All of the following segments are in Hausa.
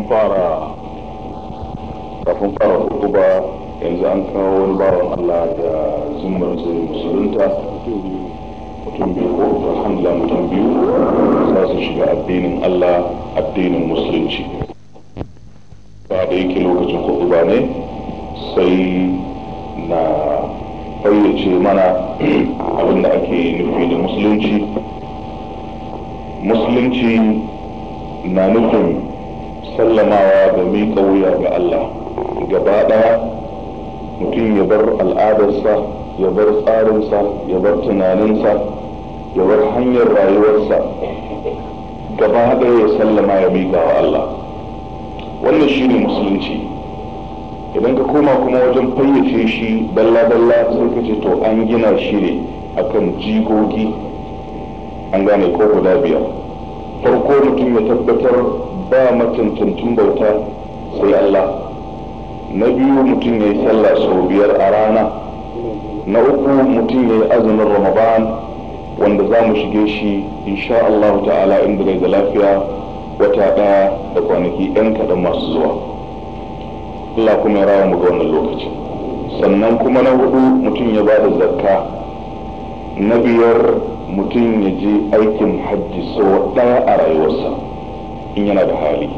kafin fara kafin fara ba yanzu an kawo wani bawan Allah da zummar zai musulunta mutum biyu ko alhamdulillah mutum biyu za su shiga addinin Allah addinin musulunci ba da yake lokacin kuɗuba ne sai na fayyace mana abin da ake nufi da musulunci musulunci na nufin sallamawa da mika wuya ga Allah gaba ɗaya mutum ya bar al'adarsa ya bar tsarinsa ya bar tunaninsa ya bar hanyar rayuwarsa gaba ɗaya ya sallama ya miƙa wa Allah wannan shi ne musulunci idan ka koma kuma wajen fayyace shi balla balla sai ka ce to an gina shi ne akan jigogi an gane ko guda biyar farko mutum ya tabbatar ba macancancin bauta sai Allah na biyu mutum ya yi sallah sau biyar a rana na uku mutum ya yi azumin ramadan wanda za mu shige shi insha Allah ta'ala inda da lafiya wata ɗaya da kwanaki 'yan kaɗan masu zuwa Allah kuma ya rawa mu ga wannan lokaci sannan kuma na hudu mutum ya ba da zakka na biyar mutum ya je aikin hajji sau ɗaya a rayuwarsa in yana da hali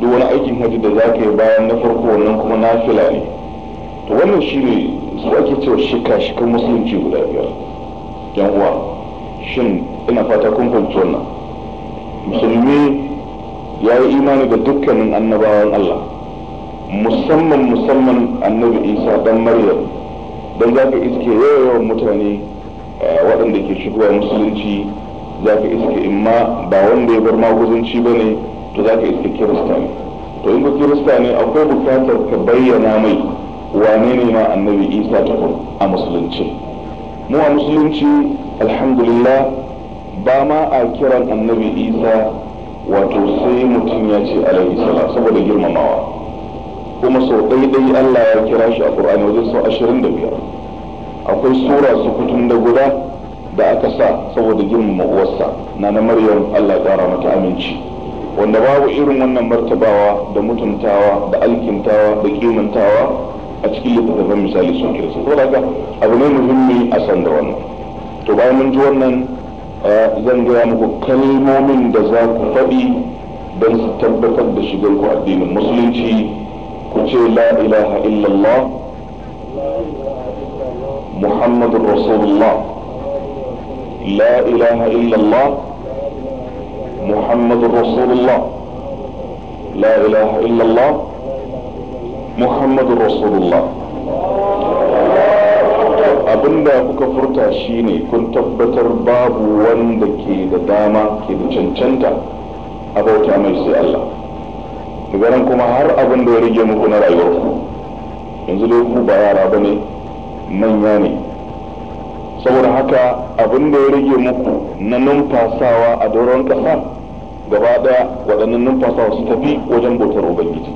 duk wani aikin hajji da za ka yi bayan na farko wannan kuma fila ne to wannan shi ne su ake cewa shika shikan musulunci guda biyar yan uwa shin ina fata kun fahimci wannan musulmi ya yi imani da dukkanin annabawan Allah musamman musamman annabi isa dan maryam don za ka iske yawan mutane eh, waɗanda ke shigowa musulunci za ka iske in ma ba wanda ya bar maguzanci ba ne to za ka iske kirista ne to in ka kirista ne akwai bukatar ka bayyana mai wane ne ma annabi isa ta a musulunci mu a musulunci alhamdulillah ba ma a kiran annabi isa wato sai mutum ya ce alaihi salam saboda girmamawa kuma sau ɗaiɗai allah ya kira shi a ƙur'ani wajen sau ashirin da biyar akwai sura sukutun da guda da aka sa saboda girmama uwarsa na na maryam allah ya mata aminci wanda babu irin wannan martabawa da mutuntawa da alkintawa da kimantawa a cikin littattafan misali sun kirsa ko daga abu ne muhimmi a san da wannan to bayan mun ji wannan eh, zan gaya muku kalmomin da za ku faɗi don su tabbatar da shigar ku addinin musulunci ku ce la ilaha illallah muhammadur rasulullah لا إله إلا الله محمد رسول الله لا إله إلا الله محمد رسول الله abinda kuka furta shine kun tabbatar babu wanda ke da dama ke da cancanta a bauta mai sai Allah daga kuma har abin da ya rage muku na rayuwarku yanzu dai ku ba yara bane manya ne saboda haka abin da ya rage muku na numfasawa a doron ƙasa gaba ɗaya waɗannan numfasawa su tafi wajen bautar ubangiji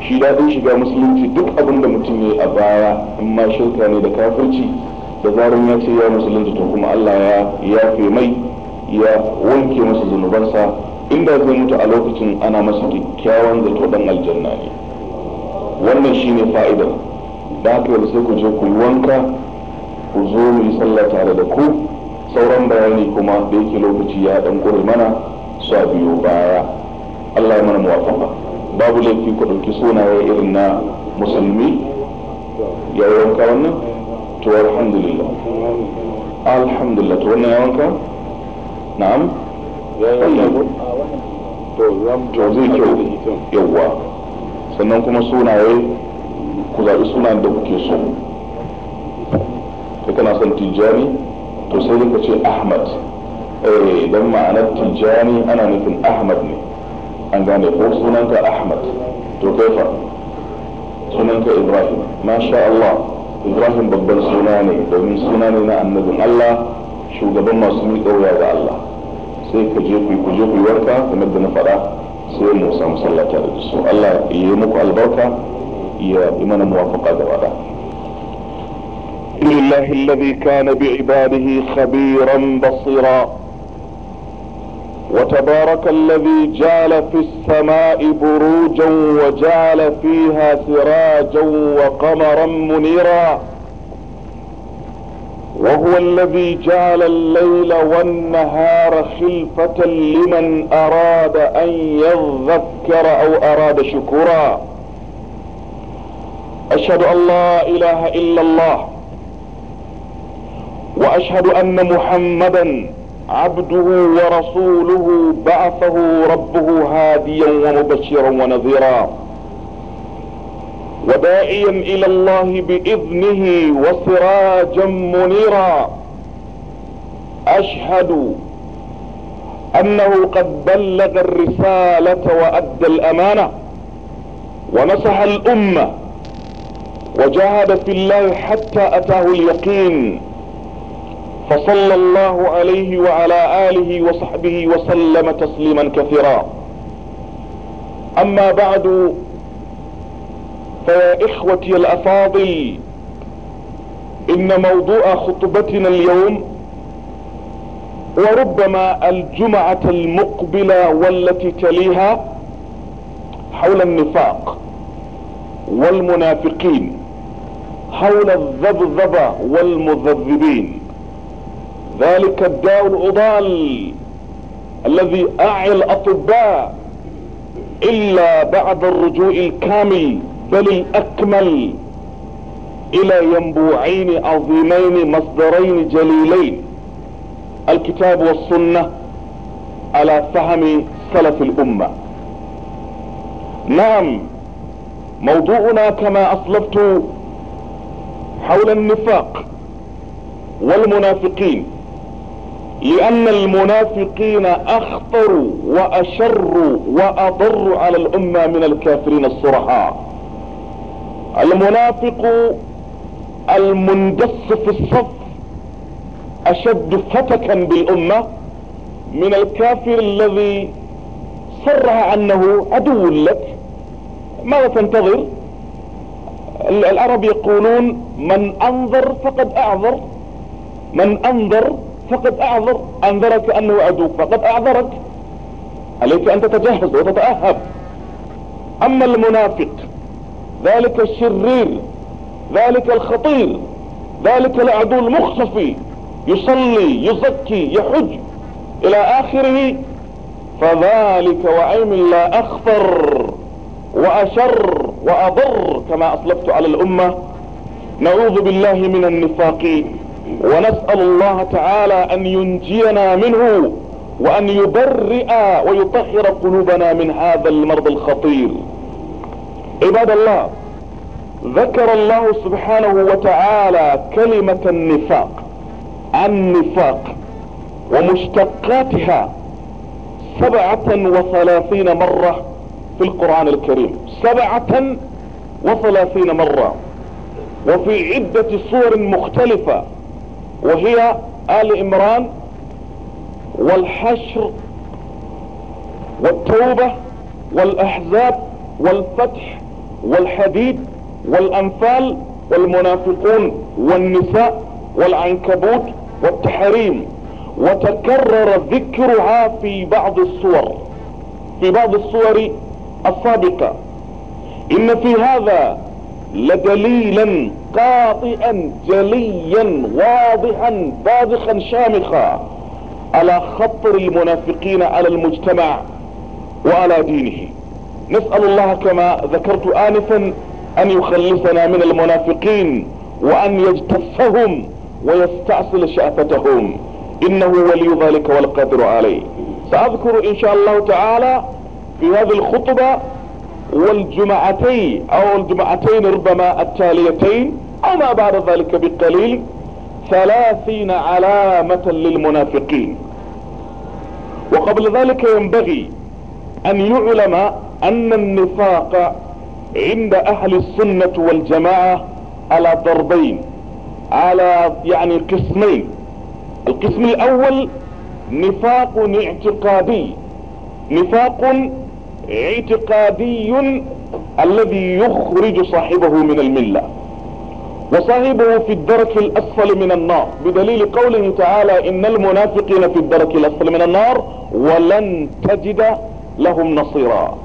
shi daɗin shiga musulunci duk abin da mutum ya a baya in ma shirka ne da kafirci da zarar ya ce ya musulunci to kuma allah ya yafe mai ya wanke masa zunubansa inda zai mutu a lokacin ana masa kyakkyawan zato dan aljanna ne wannan shine fa'idar da haka yanzu sai ku je ku wanka ku zo mu yi sallah tare da ku sauran bayani kuma da yake lokaci ya dan kure mana a biyo baya Allah ya mana muwafaka babu laifi ku dauki sunaye irin na musulmi ya wanka wannan to alhamdulillah alhamdulillah to wannan ya wanka na'am to zai kyau yawwa sannan kuma sunaye ku zaɓi sunayen da kuke so kana son tijjani to sai ka ce ahmad eh dan ma'anar tijjani ana nufin ahmad ne an gane ko sunanka ahmad to kai fa sunanka ibrahim masha Allah ibrahim babban suna ne domin suna ne na annabin Allah shugaban masu miƙa wuya ga Allah sai ka je ku ku je ku warka kamar da na faɗa sai mu samu sallata da su Allah ya yi muku albarka ya bi mana muwafaqa gaba ɗaya الحمد لله الذي كان بعباده خبيرا بصيرا وتبارك الذي جعل في السماء بروجا وجعل فيها سراجا وقمرا منيرا وهو الذي جعل الليل والنهار خلفة لمن أراد أن يذكر أو أراد شكرا أشهد أن لا إله إلا الله واشهد ان محمدا عبده ورسوله بعثه ربه هاديا ومبشرا ونذيرا وداعيا الى الله باذنه وسراجا منيرا اشهد انه قد بلغ الرسالة وادى الامانة ونصح الامة وجاهد في الله حتى اتاه اليقين فصلى الله عليه وعلى آله وصحبه وسلم تسليما كثيرا أما بعد فيا إخوتي الأفاضل إن موضوع خطبتنا اليوم وربما الجمعة المقبلة والتي تليها حول النفاق والمنافقين حول الذبذبة والمذبذبين ذلك الداء الأضال الذي أعي الأطباء إلا بعد الرجوع الكامل بل الأكمل إلى ينبوعين عظيمين مصدرين جليلين الكتاب والسنة على فهم سلف الأمة نعم موضوعنا كما أصلفت حول النفاق والمنافقين لأن المنافقين اخطر واشر واضر على الأمة من الكافرين الصرحاء المنافق المندس في الصف أشد فتكا بالأمة من الكافر الذي صرح أنه عدو لك ماذا تنتظر العرب يقولون من أنظر فقد أعذر من أنظر فقد أعذر أنذرك أنه عدوك فقد أعذرك عليك أن تتجهز وتتأهب أما المنافق ذلك الشرير ذلك الخطير ذلك العدو المخفي يصلي يزكي يحج إلى آخره فذلك وعيم لا أخطر وأشر وأضر كما أصلفت على الأمة نعوذ بالله من النفاق ونسأل الله تعالى ان ينجينا منه وان يبرئ ويطهر قلوبنا من هذا المرض الخطير عباد الله ذكر الله سبحانه وتعالى كلمة النفاق النفاق ومشتقاتها سبعة وثلاثين مرة في القرآن الكريم سبعة وثلاثين مرة وفي عدة صور مختلفة وهي آل إمران والحشر والتوبة والأحزاب والفتح والحديد والأنفال والمنافقون والنساء والعنكبوت والتحريم وتكرر ذكرها في بعض الصور في بعض الصور السابقة إن في هذا لدليلا قاطئا جليا واضحا باضخا شامخا على خطر المنافقين على المجتمع وعلى دينه نسأل الله كما ذكرت آنفا أن يخلصنا من المنافقين وأن يجتفهم ويستعصل شأفتهم إنه ولي ذلك والقادر عليه سأذكر إن شاء الله تعالى في هذه الخطبة والجمعتين او الجمعتين ربما التاليتين او ما بعد ذلك بقليل ثلاثين علامة للمنافقين وقبل ذلك ينبغي ان يعلم ان النفاق عند اهل السنة والجماعة على ضربين على يعني قسمين القسم الاول نفاق اعتقادي نفاق اعتقادي الذي يخرج صاحبه من الملة وصاحبه في الدرك الأسفل من النار بدليل قوله تعالى إن المنافقين في الدرك الأسفل من النار ولن تجد لهم نصيرا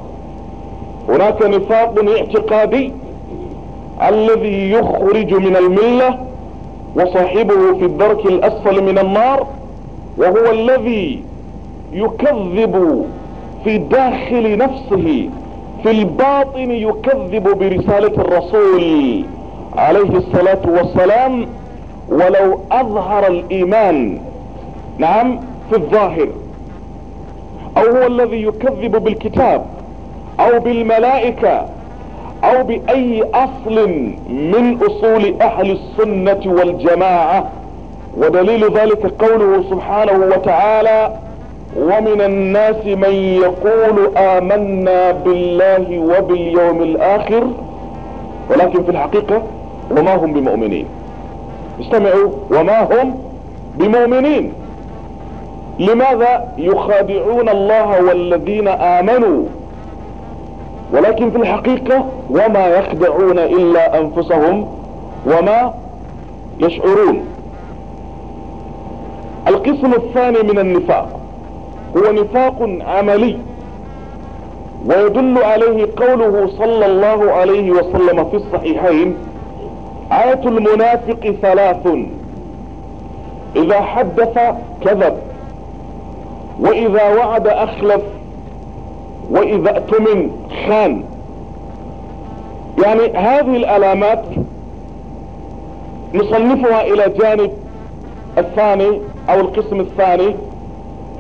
هناك نفاق اعتقادي الذي يخرج من الملة وصاحبه في الدرك الأسفل من النار وهو الذي يكذب في داخل نفسه في الباطن يكذب برسالة الرسول عليه الصلاة والسلام ولو اظهر الايمان نعم في الظاهر او هو الذي يكذب بالكتاب او بالملائكة او باي اصل من اصول اهل السنة والجماعة ودليل ذلك قوله سبحانه وتعالى ومن الناس من يقول آمنا بالله وباليوم الآخر ولكن في الحقيقة وما هم بمؤمنين استمعوا وما هم بمؤمنين لماذا يخادعون الله والذين آمنوا ولكن في الحقيقة وما يخدعون إلا أنفسهم وما يشعرون القسم الثاني من النفاق هو نفاق عملي ويدل عليه قوله صلى الله عليه وسلم في الصحيحين آية المنافق ثلاث إذا حدث كذب وإذا وعد أخلف وإذا أتمن خان يعني هذه الألامات نصنفها إلى جانب الثاني أو القسم الثاني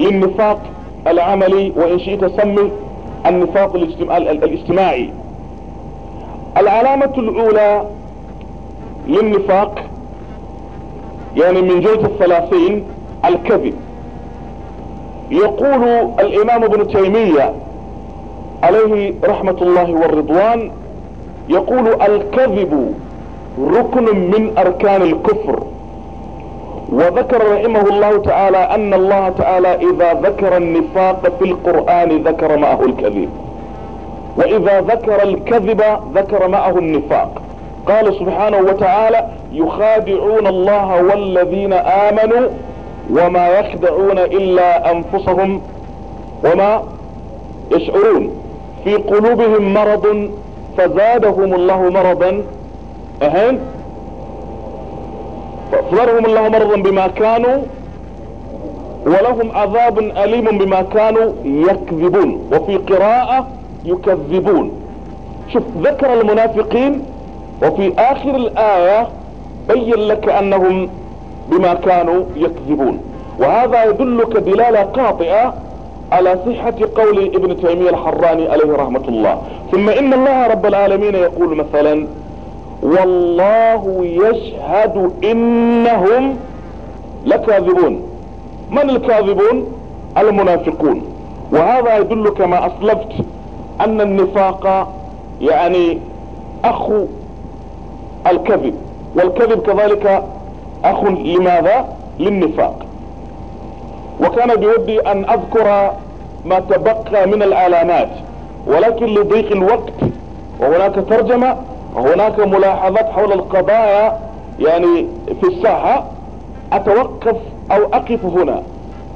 للنفاق العملي وإن شئت سمي النفاق الاجتماعي العلامة الأولى للنفاق يعني من جلد الثلاثين الكذب يقول الإمام ابن تيمية عليه رحمة الله والرضوان يقول الكذب ركن من أركان الكفر وذكر رحمه الله تعالى أن الله تعالى إذا ذكر النفاق في القرآن ذكر معه الكذب وإذا ذكر الكذب ذكر معه النفاق قال سبحانه وتعالى يخادعون الله والذين آمنوا وما يخدعون إلا أنفسهم وما يشعرون في قلوبهم مرض فزادهم الله مرضا أهين فاقدرهم الله مرضا بما كانوا ولهم عذاب أليم بما كانوا يكذبون وفي قراءة يكذبون شوف ذكر المنافقين وفي آخر الآية بين لك أنهم بما كانوا يكذبون وهذا يدلك دلالة قاطئة على صحة قول ابن تيمية الحراني عليه رحمة الله ثم إن الله رب العالمين يقول مثلا والله يشهد إنهم لكاذبون من الكاذبون المنافقون وهذا يدل كما أسلفت أن النفاق يعني أخو الكذب والكذب كذلك أخ لماذا للنفاق وكان بودي أن أذكر ما تبقى من العلامات ولكن لضيق الوقت وهناك ترجمة هناك ملاحظات حول القضايا يعني في الساحة أتوقف أو أقف هنا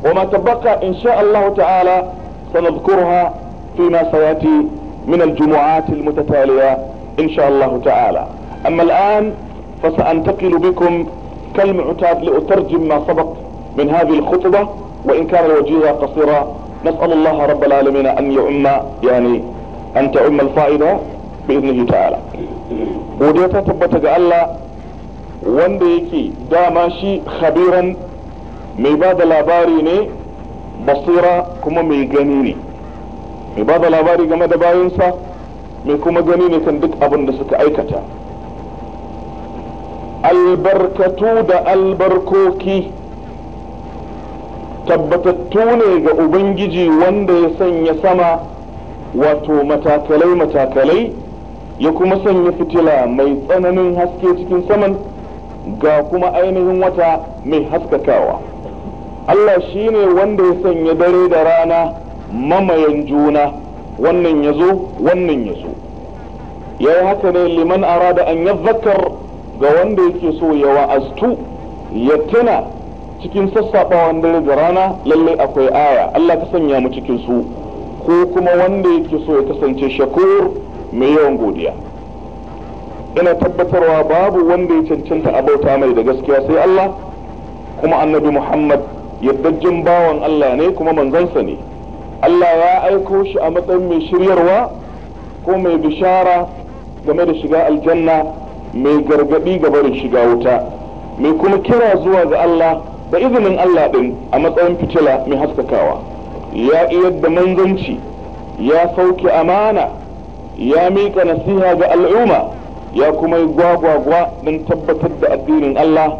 وما تبقى إن شاء الله تعالى سنذكرها فيما سيأتي من الجمعات المتتالية إن شاء الله تعالى أما الآن فسأنتقل بكم كالمعتاد لأترجم ما سبق من هذه الخطبة وإن كان الوجيه قصيرة نسأل الله رب العالمين أن يعم يعني أن تعم الفائدة bi'iznihi ta'ala godiya ta tabbata ga Allah wanda yake dama shi khabiran mai ba da labari ne basira kuma mai gani ne mai ba da labari game da bayansa mai kuma gani ne kan duk abin da suka aikata albarkatu da albarkoki tabbatattu ne ga ubangiji wanda ya sanya sama wato matakalai matakalai ya kuma sanya fitila mai tsananin haske cikin saman ga kuma ainihin wata mai haskakawa Allah shi ne wanda ya sanya dare da rana mamayan juna wannan ya zo wannan ya zo ya yi haka ne liman arada an zakar ga wanda yake so ya wa'aztu ya tuna cikin sassaɓawan dare da rana lallai akwai aya Allah ta sanya mu cikin su ko kuma wanda yake so ya kasance shakur mai yawan godiya ina tabbatarwa babu wanda ya cancanta abauta mai da gaskiya sai Allah kuma annabi Muhammad yaddajin bawan Allah ne kuma manzansa ne Allah ya aiko shi a matsayin mai shiryarwa ko mai bishara game da shiga aljanna mai gargadi ga barin shiga wuta mai kuma kira zuwa ga Allah da izinin Allah din a matsayin fitila mai haskakawa ya iya da manzanci ya sauke amana ya mika nasiha ga al'umma ya kuma yi gwagwagwa don tabbatar da addinin Allah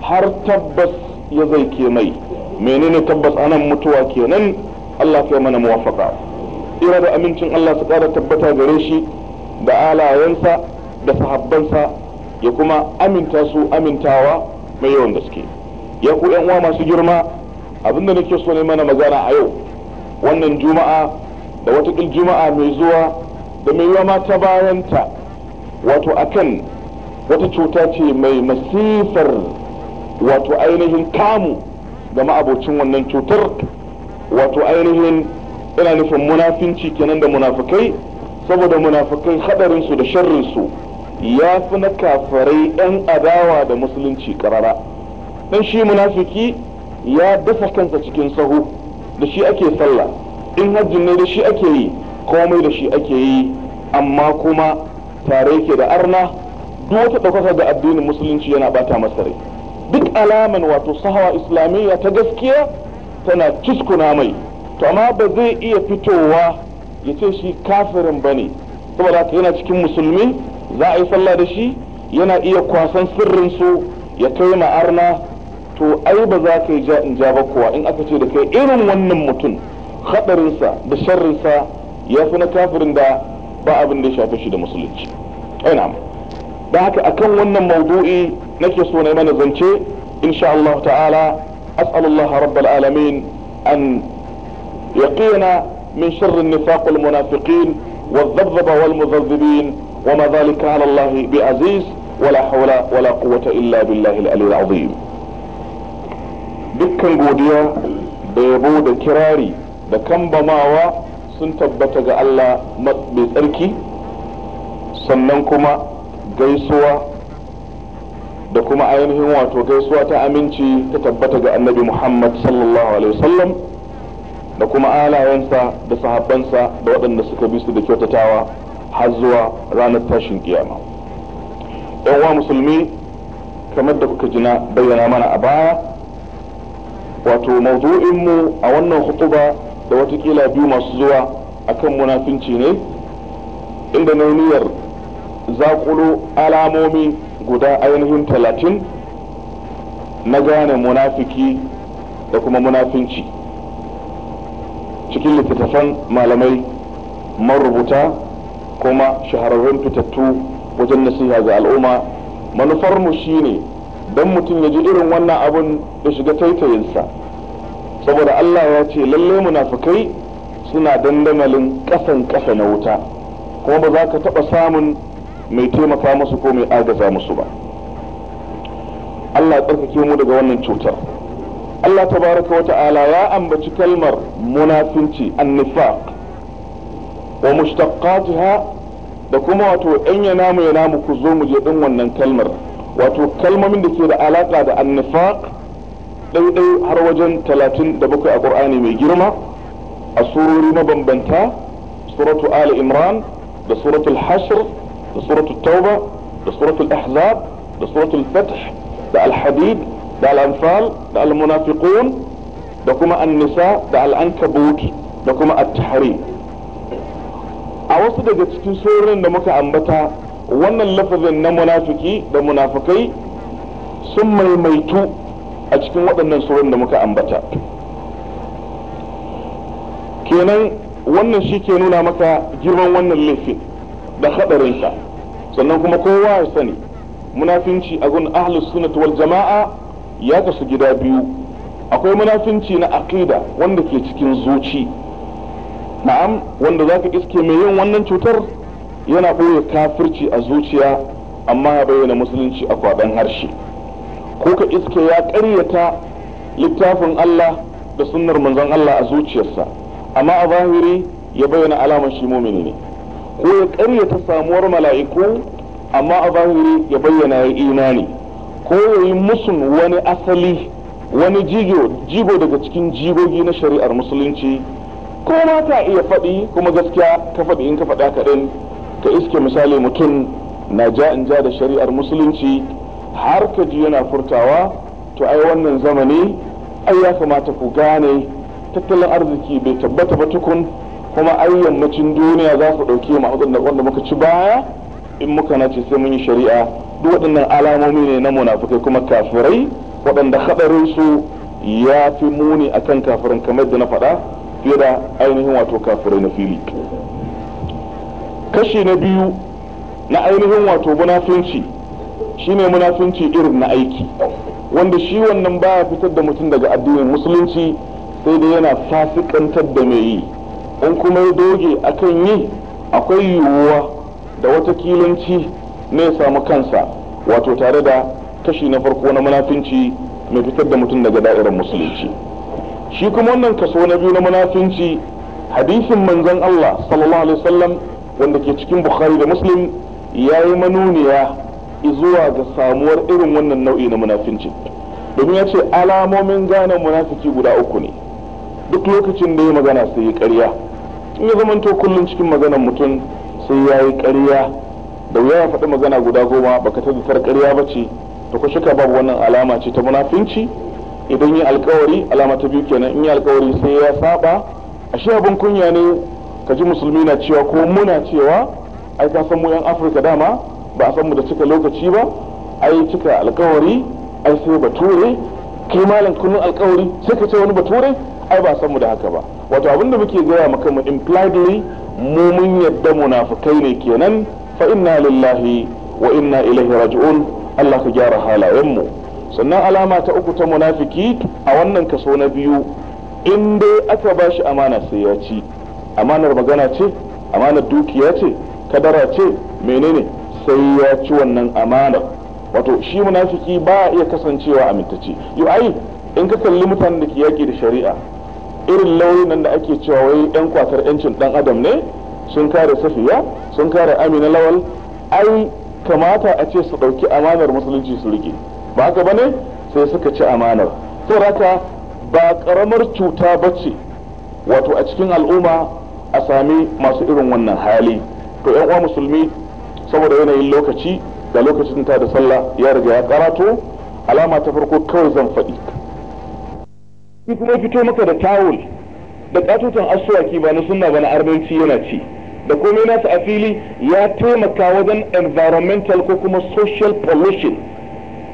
har tabbas ya zai ke mai menene tabbas anan mutuwa kenan Allah kai mana muwafaka ira da amincin Allah su ƙara tabbata gare shi da alayensa da sahabbansa ya kuma aminta su amintawa mai yawan gaske ya ku uwa masu girma abinda nake so ne mana magana a yau wannan juma'a da wata juma'a mai zuwa da mai yiwa ta bayanta wato akan wata cuta ce mai masifar wato ainihin kamu ga ma'abocin wannan cutar wato ainihin ina nufin munafinci kenan da munafukai saboda munafukai hadarinsu da sharrinsu ya fi na kafarai 'yan adawa da musulunci karara dan shi munafiki ya dasa kansa cikin sahu da shi ake sallah in hajjin ne da shi ake yi komai da shi ake yi amma kuma tare yake da arna duk wata ɗaukaka ga addinin musulunci yana bata masa rai duk alaman wato sahawa islamiyya ta gaskiya tana cuskuna mai to amma ba zai iya fitowa ya ce shi kafirin ba ne saboda haka yana cikin musulmi za a yi sallah da shi yana iya kwasan sirrin su ya kai ma arna to ai ba za ka yi ja in ja ba kuwa in aka ce da kai irin wannan mutum haɗarinsa da sharrinsa ya fi na kafirin da ba abin da ya shafi shi da musulunci na'am da haka akan wannan mawdu'i nake so na mana zance insha Allah ta'ala as'alullah rabbal alamin an yaqina min sharri an-nifaq wal munafiqin والذبذبة والمذبذبين وما ذلك على الله بعزيز ولا حول ولا قوة إلا بالله العلي العظيم dukkan godiya da yabo da kirari da kambamawa sun tabbata ga Allah mai tsarki sannan kuma gaisuwa da kuma ainihin wato gaisuwa ta aminci ta tabbata ga annabi Muhammad sallallahu alaihi wasallam da kuma alayensa da sahabbansa da waɗanda suka bi su da kyautatawa har zuwa ranar tashin kiyama. uwa musulmi kamar da kuka jina bayyana mana a baya wato mu a wannan hutuba da watakila biyu masu zuwa akan munafinci ne inda nauniyar niyyar zaƙulo alamomi guda ainihin talatin na gane munafiki da kuma munafinci cikin littattafan malamai marubuta kuma shahararrun fitattu wajen nasiha ga al'umma manufarmu shine don mutum ya ji irin wannan abun da shiga taitayinsa saboda Allah ya ce lalle munafikai suna dandamalin kasan kasa na wuta kuma ba za ka taɓa samun mai taimaka musu ko mai agaza musu ba Allah ya tsarkake mu daga wannan cutar Allah tabaraka wa ta'ala ya ambaci kalmar munafinci annifaq wa mushtaqatiha da kuma wato ɗan ya namu ya namu ku zo mu je ɗin wannan kalmar wato kalmomin da ke da alaƙa da annifaq ɗauɗau har wajen talatin da bakwai a ƙur'ani mai girma a surori mabambanta suratu ali imran da suratul hashr da suratul tauba da suratul ahzab da suratul fath da alhadid da al'amfal da almunafiqun da kuma annisa da al'ankabut da kuma at-tahrim a wasu daga cikin surorin da muka ambata wannan lafazin na munafiki da munafikai sun maimaitu a cikin waɗannan suran da muka ambata kenan wannan shi ke nuna maka girman wannan laifin da haɗarinsa sannan kuma kowa ya sani munafinci a gun ahlus sunnati wal jama'a ya kasu gida biyu akwai munafinci na aqida wanda ke cikin zuci na'am wanda zaka iske mai yin wannan cutar yana ɓoye kafirci a zuciya amma ya bayyana musulunci a kwaɗan harshe ko ka iske ya ƙaryata littafin Allah da sunnar manzon Allah a zuciyarsa amma a zahiri ya bayyana alamar shi mumini ne ko ya ƙaryata samuwar mala'iku amma a zahiri ya bayyana ya imani ko ya yi musun wani asali wani jigo daga cikin jigogi na shari'ar musulunci ko ma ta iya faɗi kuma gaskiya ka faɗi in ka faɗa kaɗan ka iske misali mutum na ja in ja da shari'ar musulunci har ka ji yana furtawa to ai wannan zamani ai ya kamata ku gane tattalin arziki bai tabbata ba tukun kuma ai yammacin duniya za ku ɗauke mu wanda muka ci baya in muka nace sai mun yi shari'a duk waɗannan alamomi ne na munafukai kuma kafirai waɗanda haɗarin su ya fi muni akan kafirin kamar da na faɗa fiye da ainihin wato kafirai na fili kashi na biyu na ainihin wato munafunci shine munafunci irin na aiki wanda shi wannan baya fitar da mutum daga addinin musulunci sai dai yana fasikantar da mai yi in kuma ya doge akan yi akwai yiwuwa da wata kilanci ne ya samu kansa wato tare da kashi na farko na munafunci mai fitar da mutum daga da'irar musulunci shi kuma wannan kaso na biyu na munafunci hadisin manzon Allah sallallahu alaihi wasallam wanda ke cikin Bukhari da Muslim yayi manuniya zuwa ga samuwar irin wannan nau'i na munafinci domin ya ce alamomin gane munafiki guda uku ne duk lokacin da ya magana sai ya karya in ya zamanto kullum cikin maganar mutum sai ya yi ƙarya da wuya ya faɗi magana guda goma baka tabbatar karya ba ce to ku shuka babu wannan alama ce ta munafinci idan yi alkawari alama ta biyu kenan in yi alkawari sai ya saba shi abin kunya ne ka ji musulmi na cewa ko muna cewa ai ka san mu yan afirka dama ba a san mu da cika lokaci ba ai cika alkawari ai sai bature ke malam kullun alkawari sai ka ce wani bature ai ba san mu da haka ba wato da muke gaya maka mu impliedly mu mun yadda munafukai ne kenan fa inna lillahi wa inna ilaihi raji'un Allah ka gyara halayen mu. sannan alama ta uku ta munafiki a wannan kaso na biyu in dai aka ba shi amana sai ya ci amanar magana ce amanar dukiya ce kadara ce menene sai ya ci wannan amana wato shi munafiki ba a iya kasancewa amintacce yau ai in ka kalli mutanen da ke yaƙi da shari'a irin launin nan da ake cewa wai yan kwatar yancin dan adam ne sun kare safiya sun kare amina lawal ai kamata a ce su ɗauki amanar musulunci su rike ba haka bane sai suka ci amanar raka ba karamar cuta bace wato a cikin al'umma a sami masu irin wannan hali to yan uwa musulmi saboda yanayin lokaci da lokacin ta da sallah ya riga ya karato alama ta farko kawai zan faɗi shi kuma fito maka da tawul da katoton asuwaki ba na sunna ba na arbanci yana ci da komai nasu a fili ya taimaka wajen environmental ko kuma social pollution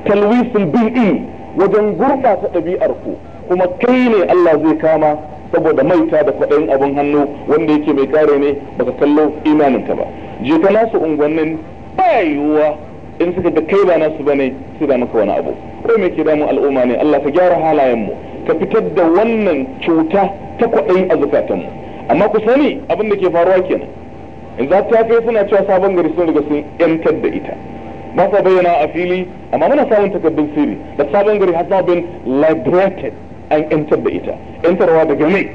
talwisin bil'i wajen gurɓata ɗabi'ar ku kuma kai ne Allah zai kama saboda maita da kwaɗayin abin hannu wanda yake mai kare ne baka kallo imaninta ba je ka nasu unguwannin baya yiwuwa in suka da kai ba nasu bane su da maka wani abu ko me ke damun al'umma ne Allah ka gyara halayen mu ka fitar da wannan cuta ta kwaɗayin a zukatanmu amma ku sani abin da ke faruwa kenan in za ta kai suna cewa sabon gari sun riga sun yantar da ita ba sa bayyana a fili amma muna samun takardun sirri da sabon gari has been liberated an yantar da ita yantarwa daga mai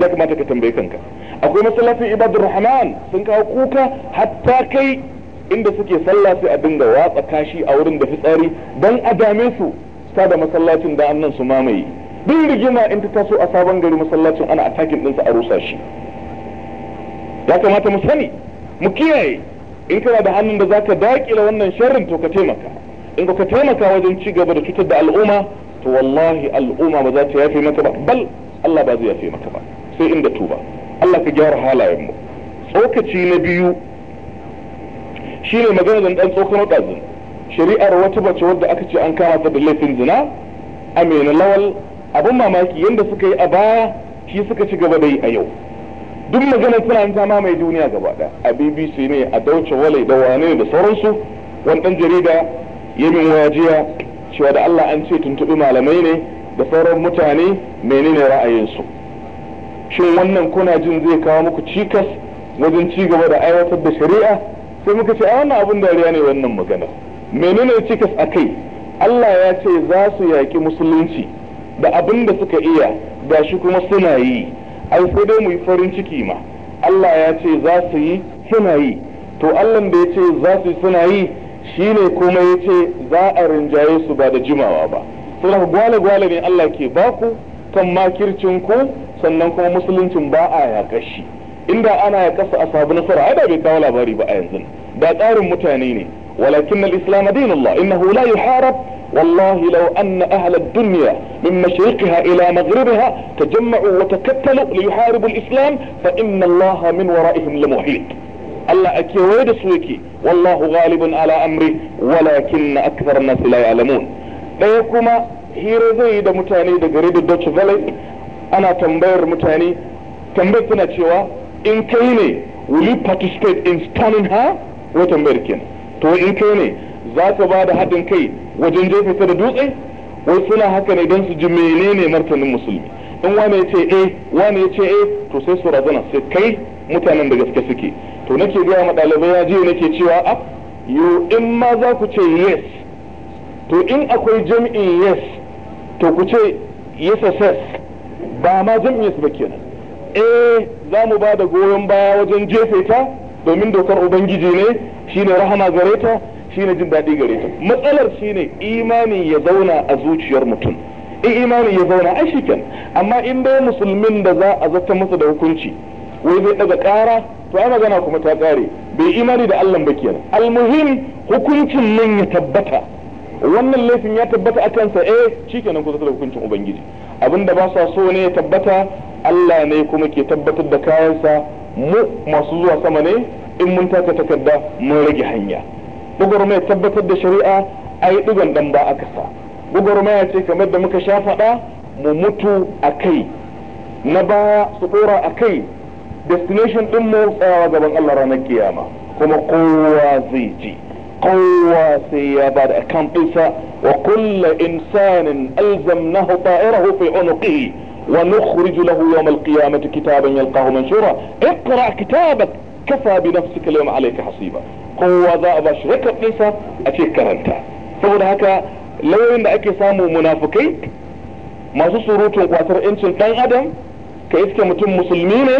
ya kamata ka tambaye kanka akwai masallacin ibadur rahman sun kawo kuka hatta kai inda suke sallah sai a dinga watsa kashi a wurin da fitsari dan a dame su ta da masallacin da annan su mamaye duk rigima in ta taso a sabon gari masallacin ana attacking ɗinsa a rusa shi ya kamata mu sani mu kiyaye in kana da hannun da zaka dakile wannan sharrin to ka taimaka in ka taimaka wajen ci gaba da cutar da al'umma to wallahi al'umma ba za ta yafe maka ba bal Allah ba zai yafe maka ba sai inda tuba Allah ka gyara halayen mu tsokaci na biyu shine magana da dan tsokano dazun shari'ar wata bace wadda aka ce an kama ta da laifin zina amina lawal abun mamaki yanda suka yi a baya shi suka ci gaba da yi a yau duk magana suna ta mai duniya gaba daya a bbc ne a dauce walai da wane da sauransu wani dan jarida yamin wajiya cewa da Allah an ce tuntuɓi malamai ne da sauran mutane menene ra'ayinsu shin wannan kuna jin zai kawo muku cikas wajen ci gaba da aiwatar da shari'a sai muka ce a wannan abin dariya ne wannan magana menene cikas a kai Allah ya ce za su yaƙi musulunci da abin da suka iya ga shi kuma suna yi ai sai dai mu yi farin ciki ma Allah ya ce za su yi suna yi to Allah da ya ce za su yi suna yi shi ne kuma ya ce za a rinjaye su ba da jimawa ba sai saboda gwale gwale ne Allah ke ba ku kan makircin ku sannan kuma musuluncin ba a yaƙa shi inda ana ya kasa a sabu nasara ai da bai kawo labari ba a yanzu ba tsarin mutane ne walakin al-islam Allah innahu la yuharab wallahi law anna ahla ad-dunya min mashriqiha ila maghribiha من wa takattalu li yuharibu al-islam fa inna Allah min wara'ihim lamuhit Allah a kewaye da su yake wallahu ghalibun ala amri walakin akthar nas la ya'lamun ɗaya kuma hira zai yi da mutane da gari da Dutch Valley ana tambayar mutane tambayar suna cewa in kai ne will you participate in stoning her wai tambayar kin to in kai ne za ka ba da haɗin kai wajen jefe ta da dutse wai suna haka ne don su ji menene martanin musulmi in wani ya ce eh wani ya ce eh to sai su razana sai kai mutanen da gaske suke to nake gaya ma ɗalibai ya jiya nake cewa a ah, yo in ma za ku ce yes to in akwai jam'in yes to ku ce yes ba ma jam'in yes ba kenan eh za mu ba da goyon baya wajen jefe ta domin dokar ubangiji ne shine rahama gare ta shine jin daɗi gare ta matsalar shine imani ya zauna a zuciyar mutum in imani ya zauna ai shiken amma in bai musulmin da za a zata masa da hukunci wai zai daga ƙara to ai magana kuma ta tsare bai imani da Allah ba kenan almuhim hukuncin nan ya tabbata wannan laifin ya tabbata akan sa eh shikenan ku zata hukuncin ubangiji abinda ba sa so ne ya tabbata Allah ne kuma ke tabbatar da kayansa mu masu zuwa sama ne in mun taka takarda mun rage hanya gwagwarmaya tabbatar da shari'a ai dugan dan ba aka sa gwagwarmaya ce kamar da muka sha faɗa mu mutu a kai na baya su ɗora a kai destination din mu tsayawa gaban Allah ranar kiyama kuma kowa zai ji kowa sai ya ba da account wa kulla insanin alzam alzamnahu ta'irahu fi unuqihi wa nukhriju lahu yawm al-qiyamati kitaban yalqahu manshura iqra kitabak kafa bi nafsika al-yawma alayka hasiba kowa za a ba shi record ɗinsa a ce karanta saboda haka lauyoyin da ake samu munafukai masu surutun kwatar 'yancin ɗan adam ka iske mutum musulmi ne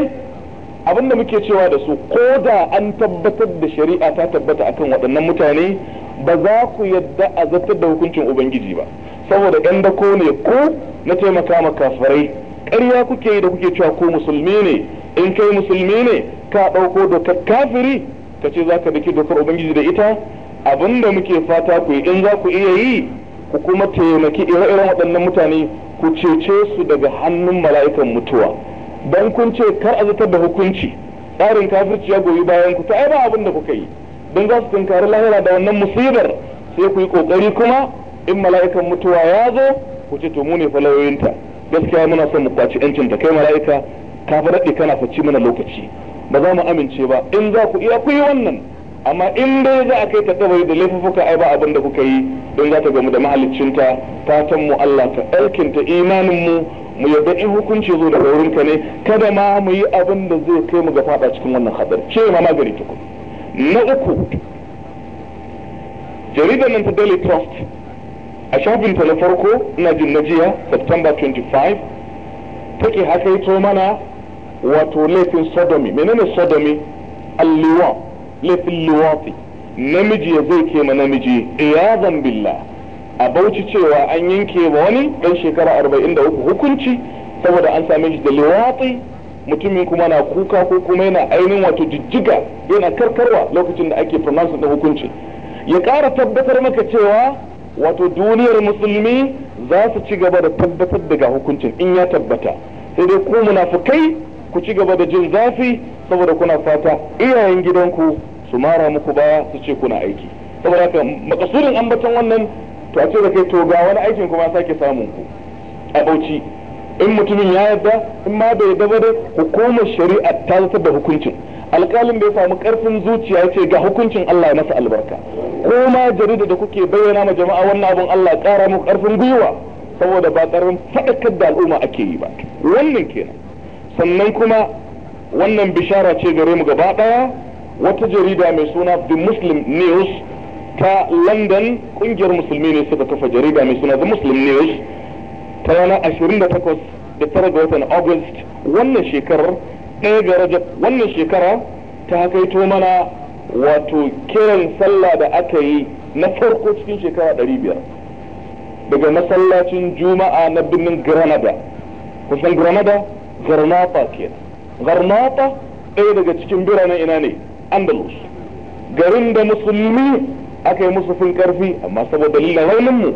abin da muke cewa da su ko da an tabbatar da shari'a ta tabbata akan waɗannan mutane ba za ku yadda a zartar da hukuncin ubangiji ba saboda ɗan dako ne ko na taimaka ma kafirai ƙarya kuke yi da kuke cewa ko musulmi ne in kai musulmi ne ka ɗauko dokar kafiri ka ce za ka daki dokar ubangiji da ita abin da muke fata ku yi in za ku iya yi ku kuma taimaki ire-iren waɗannan mutane ku cece su daga hannun mala'ikan mutuwa dan kun ce kar a zartar da hukunci tsarin kafirci ya goyi bayan ku ta ai ba abin da kuka yi don za su tunkari lahira da wannan musibar sai ku yi kokari kuma in mala'ikan mutuwa ya zo ku ce to mu ne falayoyinta gaskiya muna son mu kwaci yancin ta kai mala'ika ka fa daɗe kana faci mana lokaci ba za mu amince ba in za ku iya ku yi wannan amma in dai za a kai ta kabari da laifuka ai ba abin da kuka yi don za ta gamu da mahaliccinta fatan mu Allah ka ɗaukinta imanin mu mu yadda in hukunci zo daga wurin ka ne kada ma mu yi abin da zai kai mu ga fada cikin wannan hadari ce ma magani tuku na uku jaridar nan ta Daily Trust a shafin ta na farko ina jin na jiya September 25 take to mana wato laifin sodomi menene sodomi alliwa laifin liwafi namiji ya zai kema namiji iyazan billah a bauchi cewa an yanke wa wani dan shekara arba'in da uku hukunci saboda an same shi da liwati mutumin kuma na kuka ko kuma yana ainihin wato jijjiga yana karkarwa lokacin da ake pronounce da hukunci ya ƙara tabbatar maka cewa wato duniyar musulmi za su ci gaba da tabbatar daga hukuncin in ya tabbata sai dai ku munafukai ku ci gaba da jin zafi saboda kuna fata iyayen gidanku su mara muku baya su ce kuna aiki saboda haka makasurin ambaton wannan to a ce da kai to ga wani aikin kuma sake samun ku a bauchi in mutumin ya yarda in ma bai yarda ba dai hukumar shari'a ta zartar da hukuncin alƙalin bai samu ƙarfin zuciya ce ga hukuncin Allah ya masa albarka ko ma jarida da kuke bayyana ma jama'a wannan abun Allah ƙara muku ƙarfin gwiwa saboda ba ƙarfin faɗakar da al'umma ake yi ba wannan kenan sannan kuma wannan bishara ce gare mu gaba ɗaya wata jarida mai suna The Muslim News ta london kungiyar musulmi ne suka kafa jarida mai suna the muslim news ta ranar 28 da tara ga watan august wannan shekarar ɗaya ga rajab wannan shekara ta kaito mana wato kiran sallah da aka yi na farko cikin shekara 500 daga masallacin juma'a na birnin granada kusan granada garnata ke garnata ɗaya daga cikin biranen ina ne andalus garin da musulmi aka yi musu fin karfi amma saboda dalilin raunin mu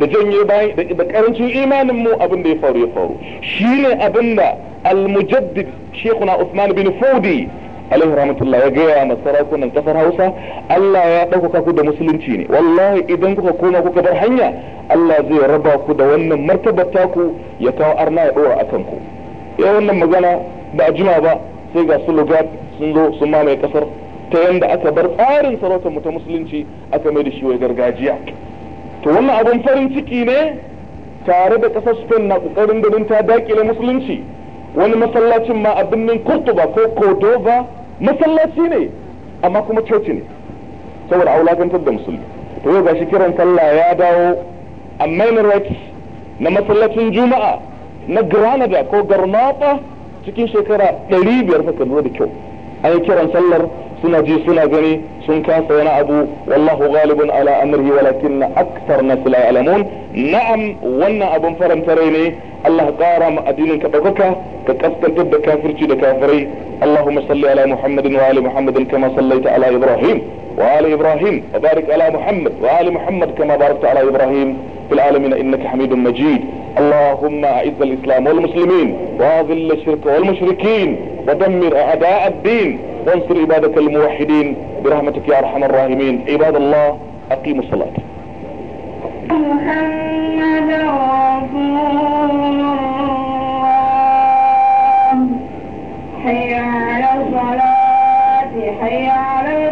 da janye bayan da karancin imanin mu abin da ya faru ya faru shine abin da al-mujaddid shekuna Usman bin Fodi alaihi rahmatullah ya gaya ma sarakunan kasar Hausa Allah ya ɗaukaka ku da musulunci ne wallahi idan kuka koma kuka bar hanya Allah zai raba ku da wannan martabar taku ya kawo arna ya ɗora akan ku ya wannan magana ba a jima ba sai ga su sun zo sun mamaye kasar ta yadda aka bar tsarin sarautar mu ta musulunci aka mai da shi wai gargajiya to wannan abun farin ciki ne tare da kasar Spain na kokarin ganin ta dakile musulunci wani masallacin ma a birnin Cordoba ko kodoba masallaci ne amma kuma coci ne saboda aulagantar da musulmi to yau gashi kiran sallah ya dawo a minor rights na masallacin juma'a na Granada ko Garnata cikin shekara 500 fa da kyau an yi kiran sallar suna ji suna gani sun kasa wani abu wallahu ghalibun ala amrihi walakin akthar nas la ya'lamun na'am wannan abun faranta rai ne Allah ƙara ma addinin ka ɗaukaka ka kaskantar da kafirci da kafirai Allahumma salli ala Muhammadin wa ali Muhammadin kama sallaita ala Ibrahim wa ali Ibrahim wa barik ala Muhammad wa ali Muhammad kama barakta ala Ibrahim fil alamin innaka Hamidum Majid اللهم أعز الإسلام والمسلمين وأذل الشرك والمشركين ودمر أعداء الدين وانصر عبادك الموحدين برحمتك يا ارحم الراحمين عباد الله اقيموا الصلاة محمد رسول الله حي على الصلاة حي على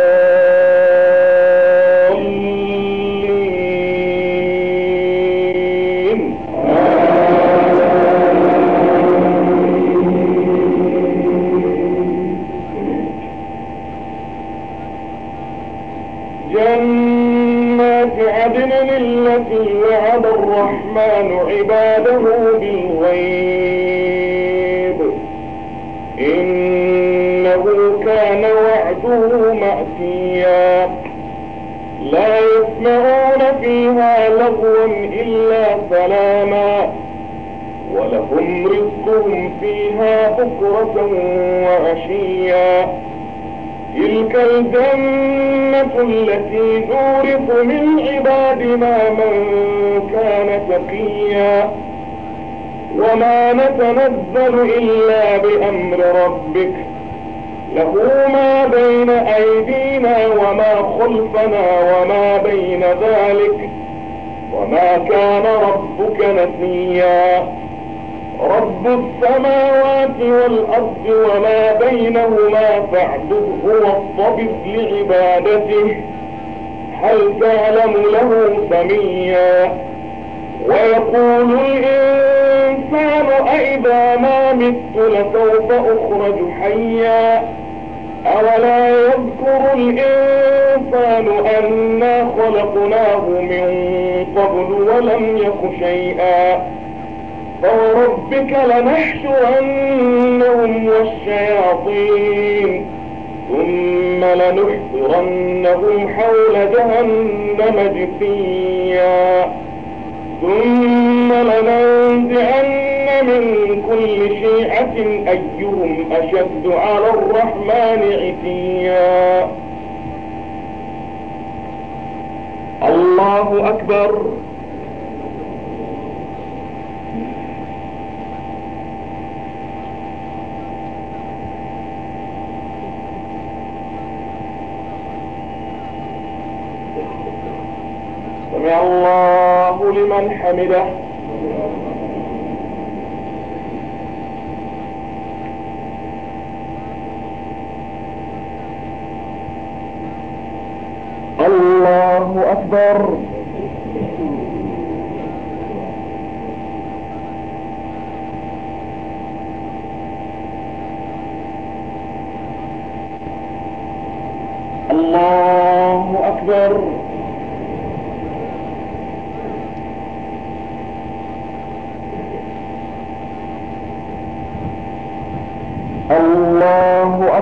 ولهم رزقهم فيها بكرة وعشيا تلك الجنة التي تورث من عبادنا من كان تقيا وما نتنزل إلا بأمر ربك له ما بين أيدينا وما خلفنا وما بين ذلك وما كان ربك نسيا رب السماوات والأرض وما بينهما فاعبده واصطبر لعبادته هل تعلم له سميا ويقول الإنسان أئذا ما مت لسوف أخرج حيا أولا يذكر الإنسان أنا خلقناه من قبل ولم يك شيئا فوربك لنحشرنهم والشياطين ثم لنحضرنهم حول جهنم جثيا ثم لننزعن من كل شيعة أيهم أشد على الرحمن عتيا الله أكبر من حمده الله أكبر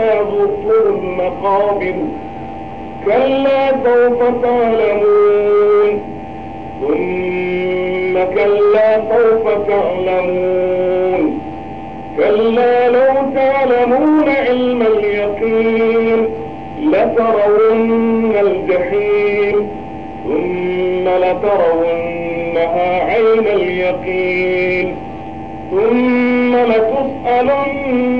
حتى المقابر كلا سوف تعلمون ثم كلا سوف تعلمون كلا لو تعلمون علم اليقين لترون الجحيم ثم لترونها عين اليقين ثم لتسألن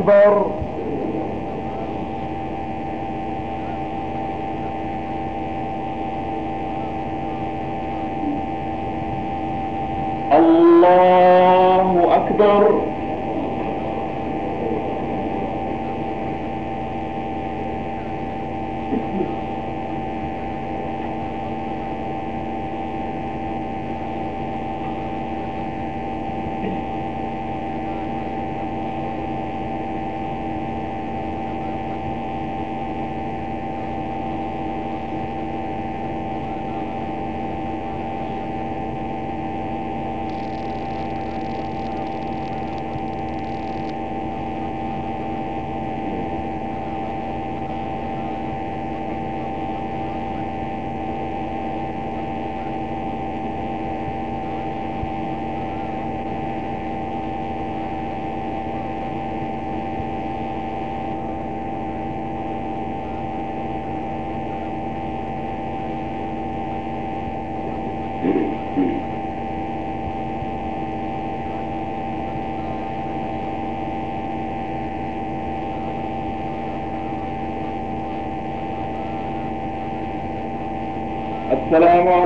اكبر الله اكبر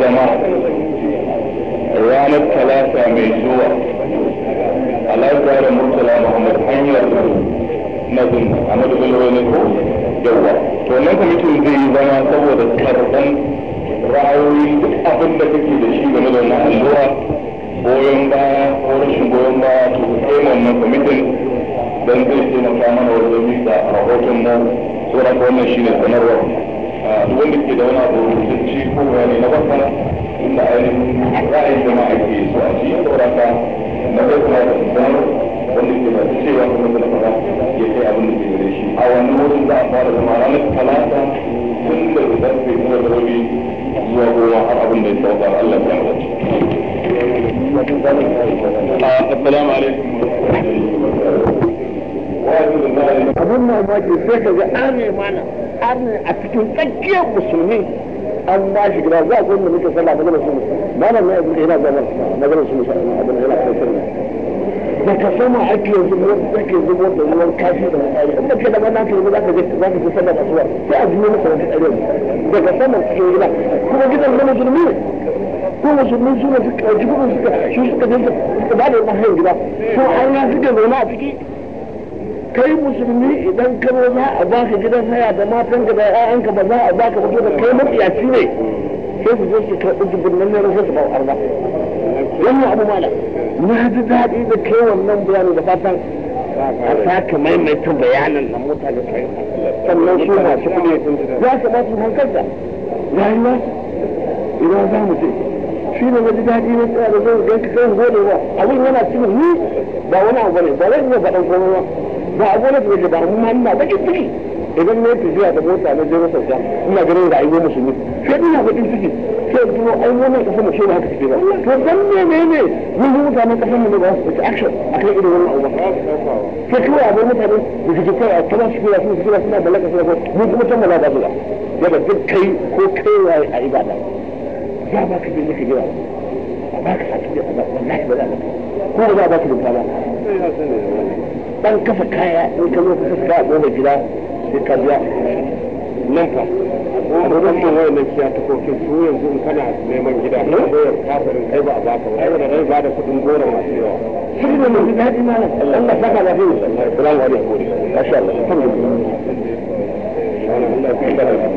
zama ranar talata mai zuwa alaƙa da murtala muhammad hanyar na bin amadu bulwa wani ko yawa to nan kwamitin zai yi zama saboda karɓan ra'ayoyi duk abin da kake da shi game da wannan allura goyon baya ko rashin goyon baya to kai wannan kwamitin don zai taimaka mana wajen mika rahoton mu sauran wannan shine sanarwa. wanda ke da wani abu rubutacce ko wani na baka inda ainihin ra'ayin jama'a ke so a cikin sauraka na kai kuma da sanar wanda ke ba cewa kuma da fara ya kai abin da ke gare shi a wannan wajen za a fara zama ranar talata tun da karfe kuma da rabi zuwa goma har abin da ya sauka Allah ya wace. Assalamu alaikum. wannan maki sai ka ga arne mana arne a cikin tsakiyar musulmi an ba shi gida za a kuma muke sallah magana su musulmi malam na yanzu yana zama magana su musulmi abin yana kai da ka sama ake yanzu ruwan da ke zubo da ruwan kashi da mutane in baka da wannan kuma za ka je za ka je sallah da suwa sai a jiyo masa wani tsare da ka sama cikin gida kuma gidan na musulmi ne ko musulmi su ne suka ji kuma suka shi suka je suka ba da mahayin gida ko an ya suka zauna a ciki kai musulmi idan ka zo za a baka gidan haya da matan ka da ka ba za a baka ba da kai matsiyaci ne sai su zo su karɓi jibirnan ne su ba arba wannan abu mala na ji daɗi da kai wannan bayanin da fatan a saka maimaita bayanan na kai sannan su masu kuɗi ya kamata su hankalta rayuwa idan za mu je shi ne na ji daɗi na tsaya da zai ganka kai gode ba abin yana cikin ni ba wani abu ne ba zan iya faɗan komai ba ba a gona da ba amma ina bakin ciki idan na jiya da mota na jero sauka ina ganin rayuwar musulmi sai ina bakin ciki sai in ai wannan mu shewa haka take ba to dan menene mun yi mutanen kasar mu ba su action akan irin wannan abu sai kawai abin mutane da suke kai a kama su kira su kira suna mallaka kuma can mala ba ya ba duk kai ko kai waye a ibada ya ba ka gina ka gina ba ka sa ki da wallahi ba za ko ba za da ba dan kafa kaya in ka zo ka ka a gobe gida sai ka biya nan fa wannan da wai nan kiya ta ko ke su yanzu in kana neman gida ne goyar kafirin kai ba a baka ba ai da rai ba da kudin gora masu yawa shi ne mun dadi ma Allah ya saka lafiya assalamu alaikum masha Allah alhamdulillah